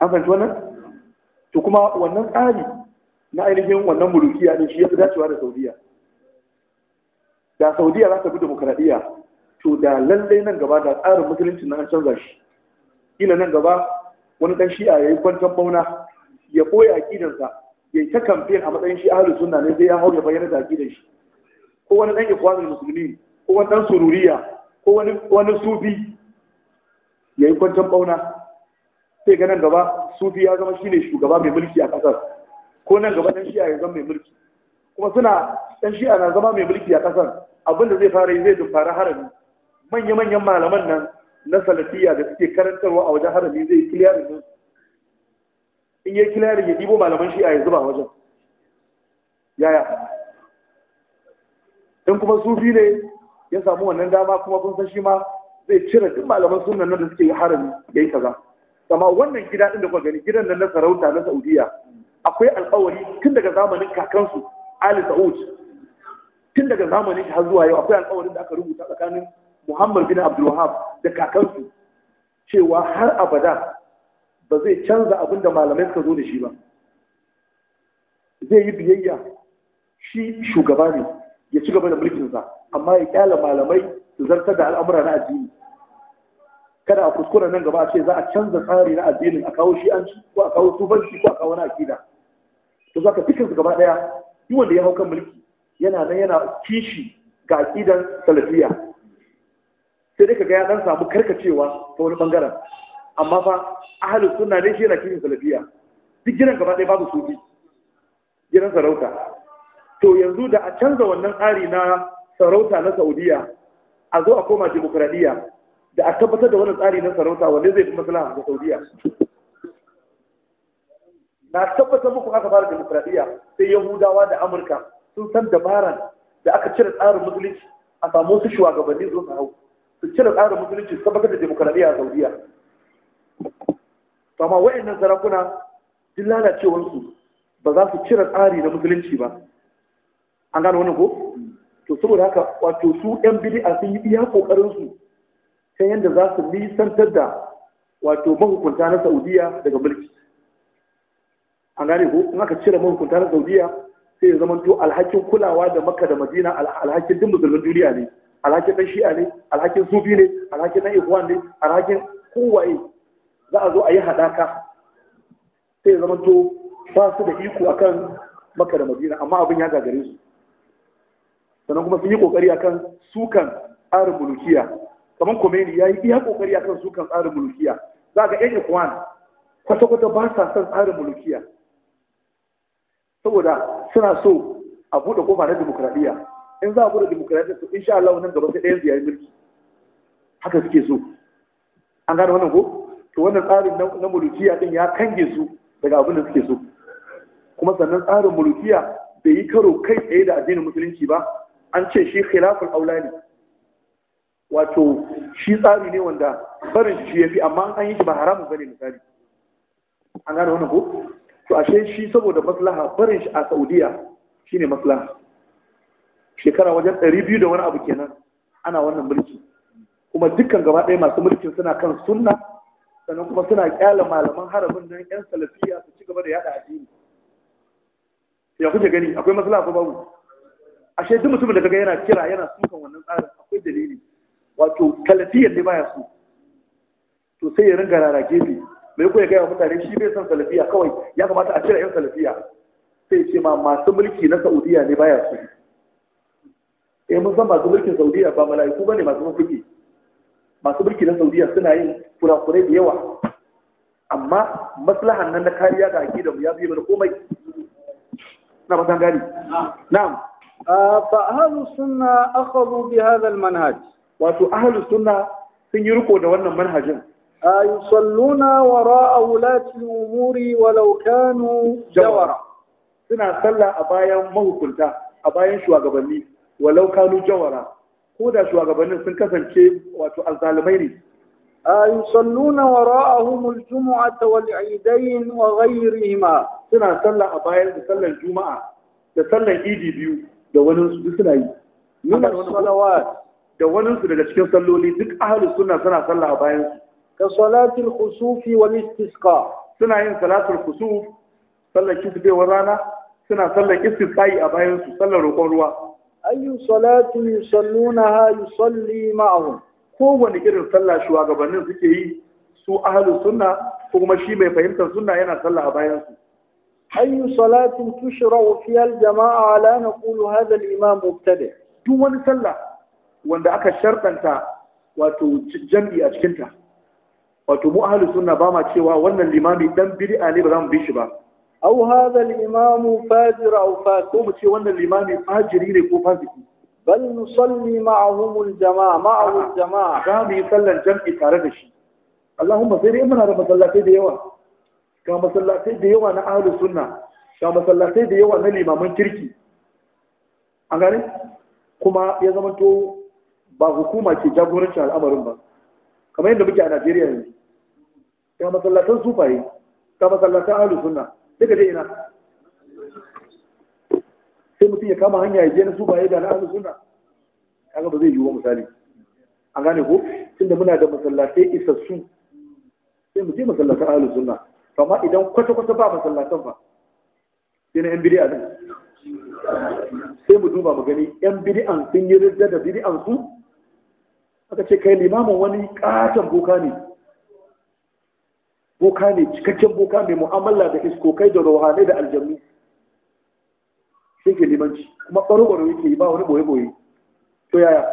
an fahimci wannan to kuma wannan tsari na ainihin wannan mulkiya din shi ya fi dacewa da Saudiya da saudiya za ta bi demokradiyya to da lallai nan gaba da tsarin musulunci na an canza shi ila nan gaba wani dan shi'a yayi kwantan bauna ya boye aqidarsa ya ta kamfen a matsayin shi ahlus sunna ne sai ya hau ya bayyana da aqidar shi ko wani dan ikwanul musulmi ko wani dan sururiya ko wani wani sufi yayi kwantan bauna sai ga nan gaba sufi ya zama shine shugaba mai mulki a kasar ko nan gaba dan shi'a ya zama mai mulki kuma suna dan shi'a na zama mai mulki a kasar abin da zai fara yi zai dumfara harami manya-manyan malaman nan na salafiya da suke karantarwa a wajen harami zai yi kiliyarin nan in yi kiliyarin ya ɗibo malaman shi a yanzu ba wajen yaya in kuma sufi ne ya samu wannan dama kuma kun san shi ma zai cire duk malaman sunan nan da suke yi harami ya yi kaza amma wannan gida ɗin da kuka gani gidan nan na sarauta na saudiya akwai alkawari tun daga zamanin kakansu ali sa'ud tun daga zamanin shi har zuwa yau akwai alƙawarin da aka rubuta tsakanin Muhammad bin Abdul Wahab da kakansu cewa har abada ba zai canza abin da malamai suka zo da shi ba zai yi biyayya shi shugaba ne ya ci gaba da mulkinsa amma ya kyala malamai su zartar da al'amura na addini kada a kuskura nan gaba a ce za a canza tsari na addinin a kawo shi an ko a kawo tufanci, ko a kawo na akida to za ka fi su gaba ɗaya duk wanda ya hau kan mulki yana nan yana kishi ga idan salafiya sai dai kaga ya dan samu karkacewa ta wani bangaren amma fa ahli sunna ne shi yana kishin salafiya duk gidan gaba ɗaya babu sufi gidan sarauta to yanzu da a canza wannan tsari na sarauta na saudiya a zo a koma demokradiyya da a tabbatar da wannan tsari na sarauta wanda zai fi maslaha ga saudiya na tabbatar muku aka fara demokradiyya sai yahudawa da amurka sun san dabaran da aka cire tsarin musulunci a samu su shugabanni zuwa su hau su cire tsarin musulunci su tabbatar da demokaradiyya a saudiya to amma wayannan sarakuna duk lalacewarsu ba za su cire tsari na musulunci ba an gano wani ko to saboda haka wato su yan bid'a sun yi iya kokarin su ta yanda za su nisantar da wato mahukunta na saudiya daga mulki an gane ko in aka cire mahukunta na saudiya sai ya zama to alhakin kulawa da makka da madina alhakin duk musulmin duniya ne alhakin dan shi'a ne alhakin sufi ne alhakin dan ikhwan ne alhakin kowaye za a zo a yi hadaka sai ya zama to ba su da iko akan makka da madina amma abin ya gagare su sannan kuma sun yi kokari akan sukan tsarin mulkiya kamar komeni ya yi iya kokari akan sukan tsarin mulkiya za ga yan ikhwan kwata-kwata ba sa son tsarin mulkiya saboda suna so a buɗe kofa na demokradiyya in za a buɗe demokradiyya to insha Allah nan gaba sai ɗayan ziyar mulki haka suke so an gane wannan ko to wannan tsarin na mulkiya din ya kange su daga abin da suke so kuma sannan tsarin mulkiya bai yi karo kai tsaye da addinin musulunci ba an ce shi khilaful aula ne wato shi tsari ne wanda barin shi yafi amma an yi shi ba haramun bane misali an gane wannan ko to ashe shi saboda maslaha barin shi a saudiya shine maslaha shekara wajen ɗari biyu da wani abu kenan ana wannan mulki kuma dukkan gaba ɗaya masu mulkin suna kan sunna sannan kuma suna kyala malaman harabin nan yan salafiya su ci gaba da yada addini ya kuke gani akwai maslaha ko babu ashe duk mutumin da kaga yana kira yana sukan wannan tsarin akwai dalili wato kalafiyar ne baya so to sai ya ringa rara gefe mai ko ya gaya mutane shi bai son salafiya kawai ya kamata a cire yan salafiya sai ce ma masu mulki na saudiya ne baya su eh mun san masu mulkin saudiya ba mala'iku bane masu mulki masu mulki na saudiya suna yin kurakurai da yawa amma maslahan nan na kariya ga mu ya fi mana komai na ba gani na'am fa ahlu sunna akhadhu bi hadha al manhaj wato ahlu sunna sun yi riko da wannan manhajin wa وراء ulati Umuri walau kanu Jawara suna sallah a bayan mahukunta a bayan shugabanni walau kanu jawara ko da shugabannin sun kasance wato alzalimai ne يصلون وراءهم الجمعة والعيدين وغيرهما suna sallah a bayan da sallan juma'a da sallar idi biyu da wani su suna yi nuna salawat da wani su daga cikin salloli duk ahlus suna suna sallah a bayan su Da salatin khusufi wal istisqa suna yin salatul khusuf sallar kifdewar rana suna sallar istisqai a bayan sallar roƙon ruwa ayyu salatin yusallunaha yusalli ma'ahum kowane irin sallah shugabannin suke yi su ahlus sunna ko kuma shi mai fahimtar sunna yana sallah a bayan su salatin tushra'u fi al-jama'a lana naqulu hadha duk wani sallah wanda aka shartanta wato jam'i a cikinta wato mu ahlus sunna ba ma cewa wannan limami dan bid'a ne ba za mu bi shi ba aw hadha al-imamu fajir aw fasiq mu ce wannan limami fajiri ne ko fasiki bal nusalli ma'ahum al-jama'a ma'ahu al-jama'a za mu yi sallan jam'i tare da shi Allahumma sai dai muna da masallatai da yawa ga masallatai da yawa na ahlus sunna ga masallatai da yawa na limaman kirki an gane kuma ya zama to ba hukuma ke jagorancin al'amarin ba kamar yadda muke a Najeriya yanzu ga masallatan sufaye ga masallatan ahlus sunna duka dai ina sai mutum ya kama hanya ya je na sufaye da na ahlus sunna kaga ba zai yiwu misali an gane ko tunda muna da masallatai isassu sai mu je masallatan ahlus sunna amma idan kwata-kwata ba masallatan ba sai na yan bid'a din sai mu duba mu gani yan bid'an sun yi ridda da bid'an su aka ce kai limamin wani katon boka ne boka ne cikakken boka mai mu'amala da iskokai da rohanai da aljannu shi ke limanci kuma ɓaro-ɓaro yake yi ba wani boye-boye to yaya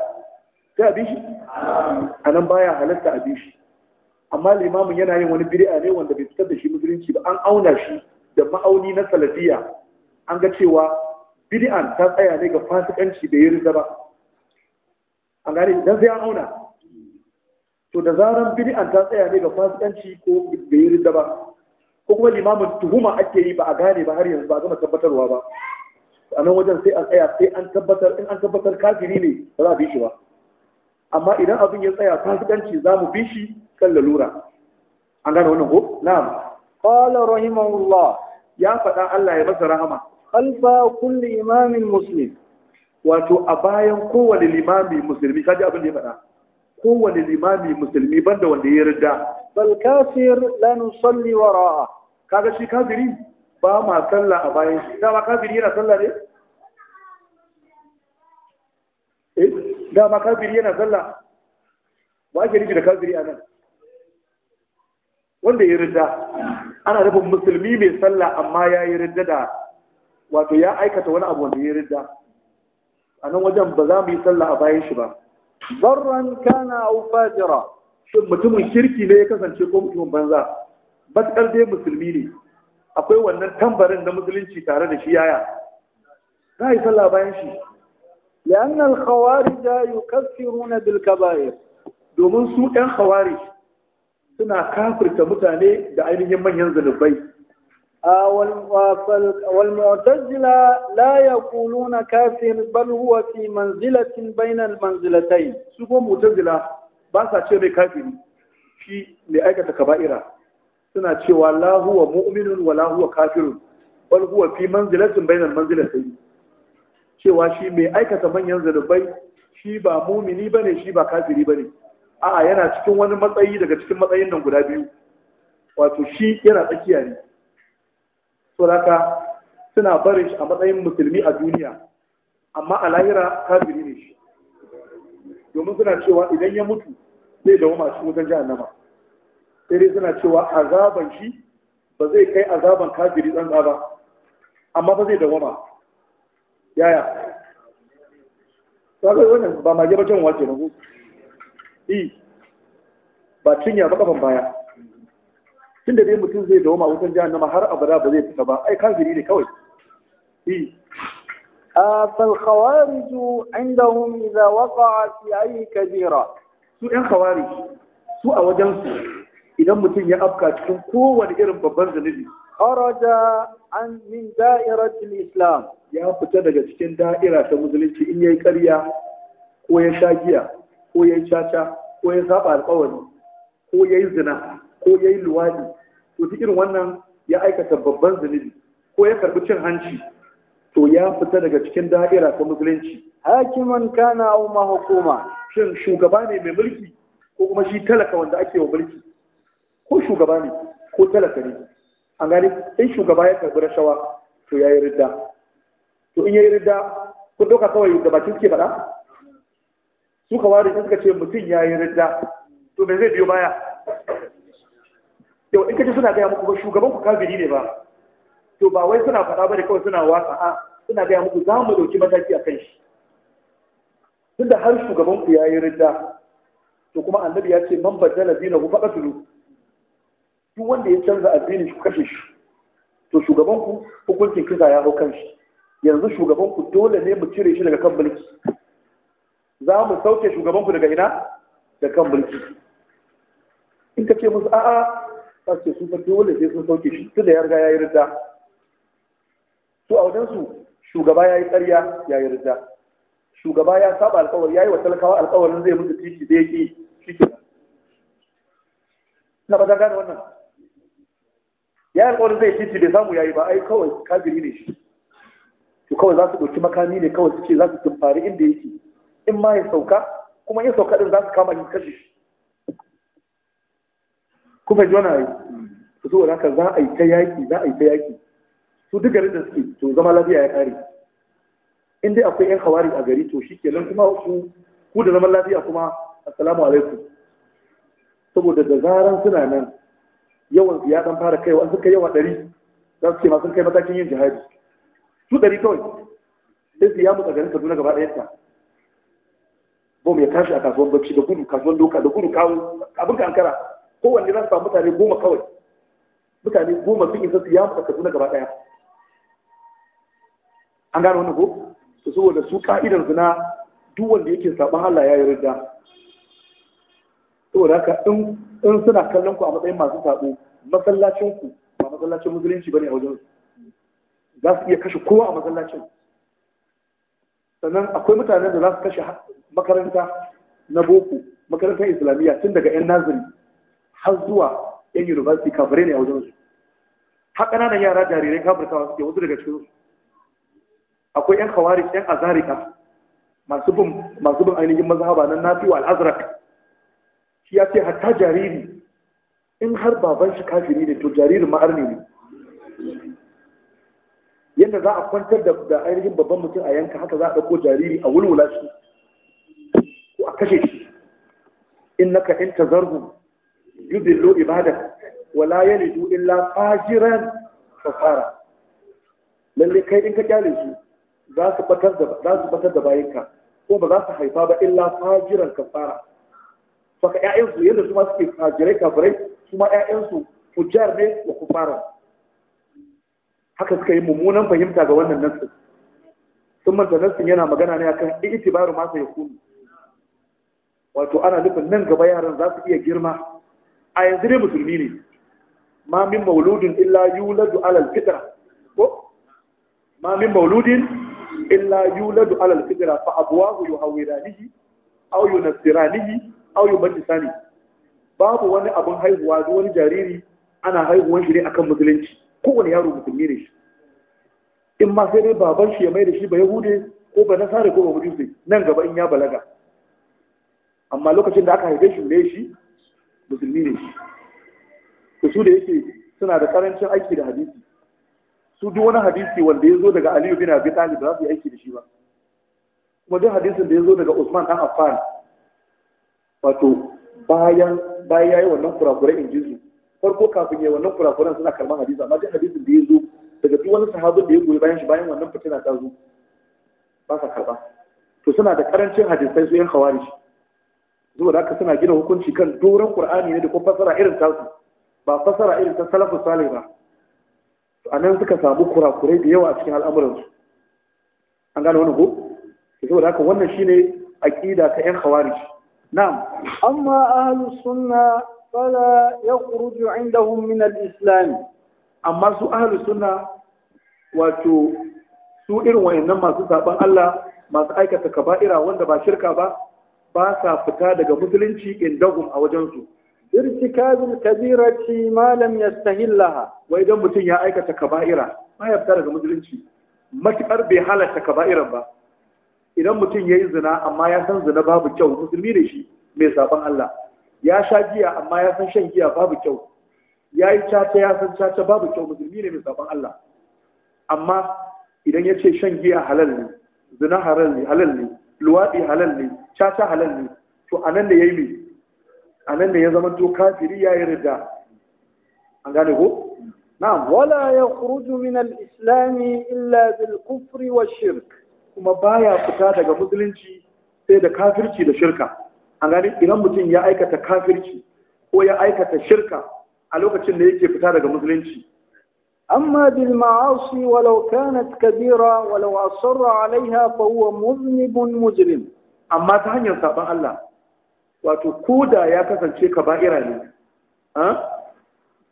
sai abin shi a nan baya halatta abin shi amma limamin yana yin wani bid'a ne wanda bai fitar da shi musulunci ba an auna shi da ma'auni na salafiya an ga cewa bid'an ta tsaya ne ga fasikanci da ya rizaba A an gane dan sai an auna to da zaran bid'an ta tsaya ne ga fasikanci ko ga yarda ba ko kuma limamin tuhuma ake yi ba a gane ba har yanzu ba a gama tabbatarwa ba a nan wajen sai an tsaya sai an tabbatar in an tabbatar kafiri ne ba za a bi shi ba amma idan abin ya tsaya fasikanci za mu bi shi kan lalura an gane wannan ko na'am qala rahimahullah ya faɗa Allah ya masa rahama khalfa kulli imamin muslim wato a bayan kowane limami musulmi kaji abin da ya faɗa kowane limami musulmi banda wanda ya rida bal kafir la nusalli wara'a kaga shi kafiri ba ma sallah a bayan shi dama kafiri yana sallah ne eh dama kafiri yana sallah ba ake nufi da kafiri a nan wanda ya rida ana nufin musulmi mai sallah amma ya yi rida da wato ya aikata wani abu wanda ya rida a nan wajen ba za mu yi sallah a bayan shi ba barran kana aw fajira shin mutumin kirki ne ya kasance ko mutumin banza matakar dai musulmi ne akwai wannan tambarin na musulunci tare da shi yaya za a yi sallah bayan shi لأن الخوارج يكفرون بالكبائر domin su ɗan khawarij suna kafirta mutane da ainihin manyan zunubai والمعتزلة لا يقولون كافر بل هو في منزلة بين المنزلتين سوى معتزلة باسا تشير كافر في لأيكة كبائرة سنة تشير لا هو مؤمن ولا هو كافر bal huwa fi manzilatin bainal manzilatayn cewa shi mai aikata manyan zanubai shi ba mumini bane shi ba kafiri bane a'a yana cikin wani matsayi daga cikin matsayin guda biyu wato shi yana tsakiya ne suraka suna barin shi a matsayin musulmi a duniya amma a lahira kafiri ne shi domin suna cewa idan ya mutu zai dawo a wajen wutar jahannama sai dai suna cewa azaban shi ba zai kai azaban kafiri tsantsa ba amma ba zai dawama yaya zai wannan ba mage ba jan wace na ba cinya ba kafan baya tunda dai mutum zai dawo wutan jahannama har abada ba zai fita ba ai kafiri ne kawai e. fal inda indahum idha waqa'a fi ayi kabira su ɗan khawarij su a wajen su idan mutum ya afka cikin kowane irin babban zanibi kharaja an min da'iratil islam ya fita daga cikin da'ira ta musulunci in yayi ƙarya ko ya sha giya ko ya caca ko ya saba alƙawari ko ya yi zina ko ya yi luwadi to duk irin wannan ya aikata babban zunubi ko ya karbi cin hanci to ya fita daga cikin da'ira ta musulunci hakiman kana aw hukuma. shin shugaba ne mai mulki ko kuma shi talaka wanda ake wa mulki ko shugaba ne ko talaka ne an gani in shugaba ya karbi rashawa to ya yi ridda to in ya yi ridda kun ɗauka kawai da bakin suke faɗa suka ware suka ce mutum ya yi ridda to me zai biyo baya yau in kaji suna gaya muku ba shugaban ku kafiri ne ba to ba wai suna faɗa ba da kawai suna wasa a suna gaya muku za mu ɗauki mataki a kan shi tunda har shugaban ku ya yi ridda to kuma annabi ya ce man ku faɗa faqatulu duk wanda ya canza addinin ku kashe shi to shugaban ku hukuncin kisa ya hau kan yanzu shugaban ku dole ne mu cire shi daga kan mulki za mu sauke shugaban ku daga ina da kan mulki in ka ce musu a'a za su ce su sai sun sauke shi tunda ya riga ya yi rida su a wajensu shugaba ya yi tsariya ya yi rida shugaba ya saba alkawari ya yi wa talakawa alkawarin zai mutu titi da yake shi ke na ba gane wannan ya yi alkawarin zai titi bai samu ya yi ba ai kawai kafiri ne shi to kawai za su ɗauki makami ne kawai su ce za su tumfari inda yake in ma ya sauka kuma in sauka ɗin za su kama shi kashe shi ku ji wani ai to da haka za a yi ta yaki za a yi ta yaki su duk garin da suke to zama lafiya ya kare in dai akwai yan hawari a gari to shi ke nan, kuma su, ku da zaman lafiya kuma assalamu alaikum saboda da zaran suna nan yawan su ya dan fara kai, an suka yawa ɗari za su ce ma sun kai matakin yin jihadi su ɗari kawai sai su ya a garin kaduna gaba ɗaya ta bom ya tashi a kasuwan bacci da gudu kasuwan doka da gudu kawo abin ka ankara kowanne za su samu mutane goma kawai mutane goma sun isa su yamu kaduna gaba ɗaya an gane wannan ko su saboda su ka'idar zina duk wanda yake saban Allah ya yi ridda saboda haka in suna kallon ku a matsayin masu sabo masallacin ku ba masallacin musulunci bane a wajen za su iya kashe kowa a masallacin sannan akwai mutanen da za su kashe makaranta na boko makarantar islamiyya tun daga yan nazari har zuwa yan university kafirai ne a wajen su har ƙananan yara jarirai kafirtawa suke wasu daga cikin akwai yan kawari yan azarika masu bin masu bin ainihin mazhaba na nafi wa al'azrak shi ya ce hatta jariri in har baban shi kafiri ne to jaririn ma'ar ne yadda za a kwantar da ainihin babban mutum a yanka haka za a ɗauko jariri a wulwula shi ko a kashe shi in naka in tazarhu yudillu ibadak wala yalidu illa fajiran kafara lalle kai in ka kyale su za su batar da za su batar da bayanka ko ba za su haifa ba illa fajiran kafara saka ƴaƴan su yadda su ma suke fajirai kafirai su ma ƴaƴan su fujar ne wa kufara haka suka yi mummunan fahimta ga wannan nassin sun manta nassin yana magana ne akan itibaru masa ya kunu wato ana nufin nan gaba yaran za su iya girma a yanzu dai musulmi ne ma min mauludin illa yuladu alal fitra ko ma min mauludin illa yuladu alal fitra fa abuwahu yuhawiranihi aw yunassiranihi aw yumajjisani babu wani abun haihuwa da wani jariri ana haihuwan shi ne akan musulunci Ko wani yaro musulmi ne shi in ma sai dai baban shi ya mai da shi ba yahude ko ba nasara ko ba mujusi nan gaba in ya balaga amma lokacin da aka haife shi ne shi musulmi ne shi su da yake suna da karancin aiki da hadisi su duk wani hadisi wanda ya zo daga aliyu bin abi talib ba su yi aiki da shi ba kuma duk hadisin da ya zo daga usman dan affan wato bayan bayan yayi wannan kurakuran in ji farko kafin yayi wannan kurakuran suna karban hadisi amma duk hadisin da ya zo daga duk wani sahabin da ya goyi bayan shi bayan wannan fitina ta zo ba sa karba to suna da karancin hadisai su yan khawarij saboda haka suna gina hukunci kan doron qur'ani ne da kuma fasara irin tasu ba fasara irin ta salafu salih ba to anan suka samu kurakurai da yawa a cikin al'amuransu an gane wani ko saboda haka wannan shine aqida ta yan khawarij na'am amma ahlus sunna fala yakhruju indahum min al-islam amma su ahlus sunna wato su irin wayannan masu zaben Allah masu aikata kaba'ira wanda ba shirka ba ba sa fita daga musulunci indahum a wajensu irtikazul kabirati ma lam yastahillaha Wa idan mutum ya aikata kaba'ira ba ya fita daga musulunci matukar bai halatta kaba'iran ba idan mutum yayi zina amma ya san zina babu kyau musulmi ne shi mai sabon Allah ya sha giya amma ya san shan giya babu kyau ya yi caca ya san caca babu kyau musulmi ne mai sabon Allah amma idan ya ce shan giya halal ne zina halal ne halal ne luwaɗi halal ne caca halal ne to a nan da ya yi mai a nan da ya zama to kafiri ya yi rida an gane ko na'am wala ya khuruju min al-islam illa bil kufri wa shirk kuma baya fita daga musulunci sai da kafirci da shirka an gane idan mutum ya aikata kafirci ko ya aikata shirka a lokacin da yake fita daga musulunci أما بالمعاصي ولو كانت كبيرة ولو أصر عليها فهو مذنب مجرم أما تهني سابع الله وتكودا يا كسن شيء كبائر لي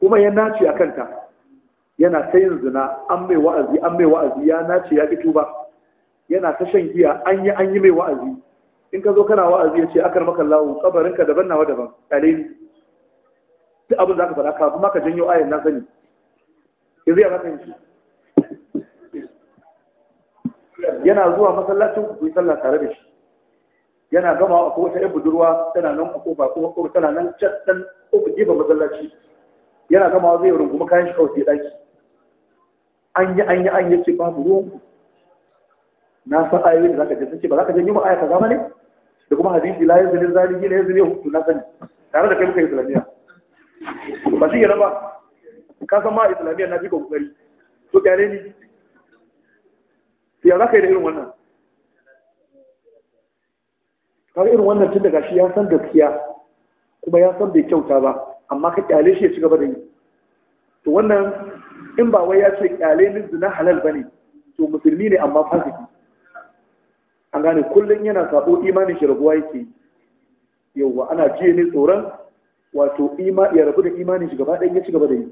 كما يناتي أكنتا yana ta yin zina an mai wa'azi an mai wa'azi ya nace ya fito ba yana ta shan giya an yi an yi mai wa'azi in ka zo kana wa'azi ya ce akar maka lawo kabarinka daban nawa daban abin aka faɗa kafin maka janyo ayan na yanzu ya zaka yi yana zuwa masallacin ku kuyi sallah tare da shi yana gama a wata yan budurwa tana nan a kofa kuma kofa tana nan can dan kofa gefe masallaci yana gama zai rungumi kayan shi kawai daki an yi an yi an yi ce babu ruwan ku na san ayoyi da zaka je sun ce ba zaka janyo ma ayata zama ne da kuma hadisi la lil zalimi la yanzu ne na sani tare da kai kai yi ba shi ya ba. ka san ma islamiyya na fi kokari to kyale ni ya za ka yi da irin wannan kaga irin wannan tun daga shi ya san gaskiya kuma ya san bai kyauta ba amma ka kyale shi ya ci gaba da yi to wannan in ba wai ya ce kyale min zina halal ba ne, to musulmi ne amma fasiki an gane kullum yana sabo imanin shi rabuwa yake yauwa ana jiye ne tsoron wato ya rabu da imanin shi gaba ɗaya ya ci gaba da yi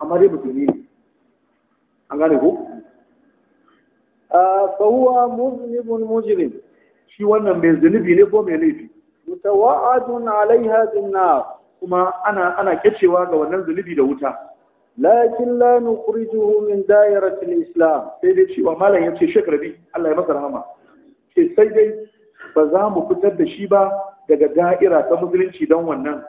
amma dai musulmi ne an gane ko fa huwa muznibun shi wannan mai zunubi ne ko mai laifi mutawa'adun alaiha bin kuma ana ana kecewa ga wannan zunubi da wuta lakin la nukhrijuhu min dairati islam sai dai cewa malam yace shekarbi Allah ya masa rahama ce sai dai ba za mu fitar da shi ba daga da'ira ta musulunci dan wannan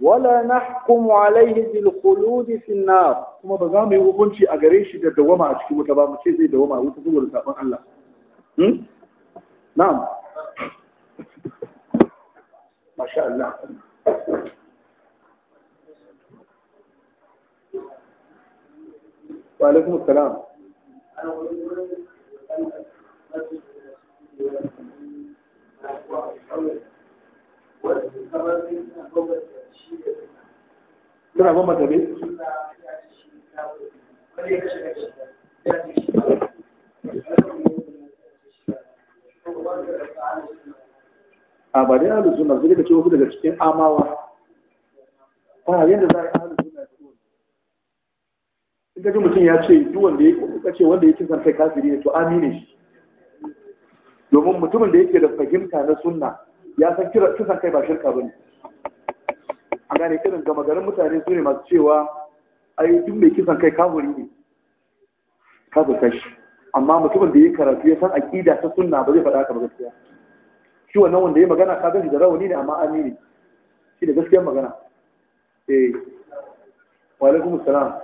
wala nahkum alaihi bil khulud fi nar kuma ba za mu yi hukunci a gare shi da dawama a cikin wuta ba mu ce zai dawama a wuta saboda sabon Allah hmm? na'am masha Allah wa alaikum assalam suna ban mata ne a ba dai ahlus sunna sai ka ce wasu daga cikin amawa a yadda za a yi ahlus suna da kowa in ji mutum ya ce duk wanda ya kace wanda ya kisa kai kafiri ne to amine shi domin mutumin da yake da fahimta na sunna ya san kiran kisan kai ba shirka ne an gane irin gama garin mutane su ne masu cewa ai duk mai kisan kai kafiri ne kafirta shi amma mutumin da ya karatu ya san ƙida ta sunna ba zai faɗa ka ba gaskiya shi wannan wanda ya magana ka gani da rawani ne amma amini shi da gaskiyar magana eh wa alaikum assalam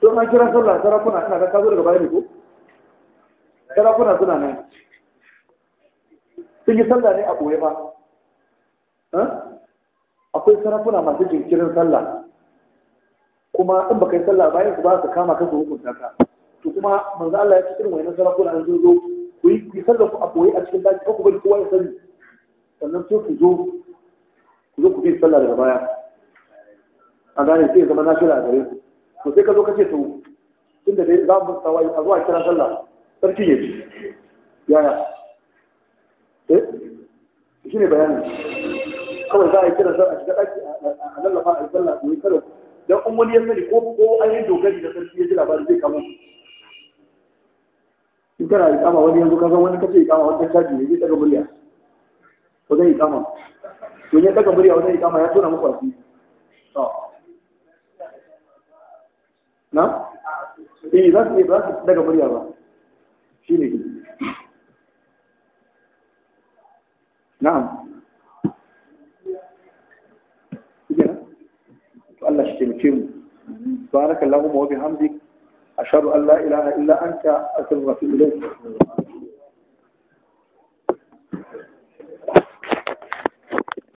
to na kira sallah sarakuna ina ga ka daga bayani ko sarakuna suna nan sun yi sallah ne a ɓoye ba akwai sarakuna masu jinkirin sallah kuma in baka yi sallah bayan su ba su kama ka su hukunta ka to kuma manzo Allah ya ce irin wayannan sarakuna an zo ku yi sallah ku a ɓoye a cikin daji ku bari kowa ya sani sannan sai ku zo ku zo ku bi sallah daga baya a gane sai zama na shirya a gare ku to sai ka zo ka ce to tunda dai za mu tsawaye a zuwa kira sallah sarki ya ji yaya eh shi ne bayani kawai za a yi kira za a shiga ɗaki a lallafa a yi sallah ko yi kada dan in wani ya sani ko ko an yi dogari da sarki ya ji labarin zai kama su in kana yi kama wani yanzu ka wani kace yi kama wani caji ne zai daga murya ko zai yi kama to ya daga murya wani yi kama ya tona muku asiri na eh za su iya ba su daga murya ba shi ne na'am to Allah shi taimake mu barakallahu wa bihamdik ashhadu an la ilaha illa anta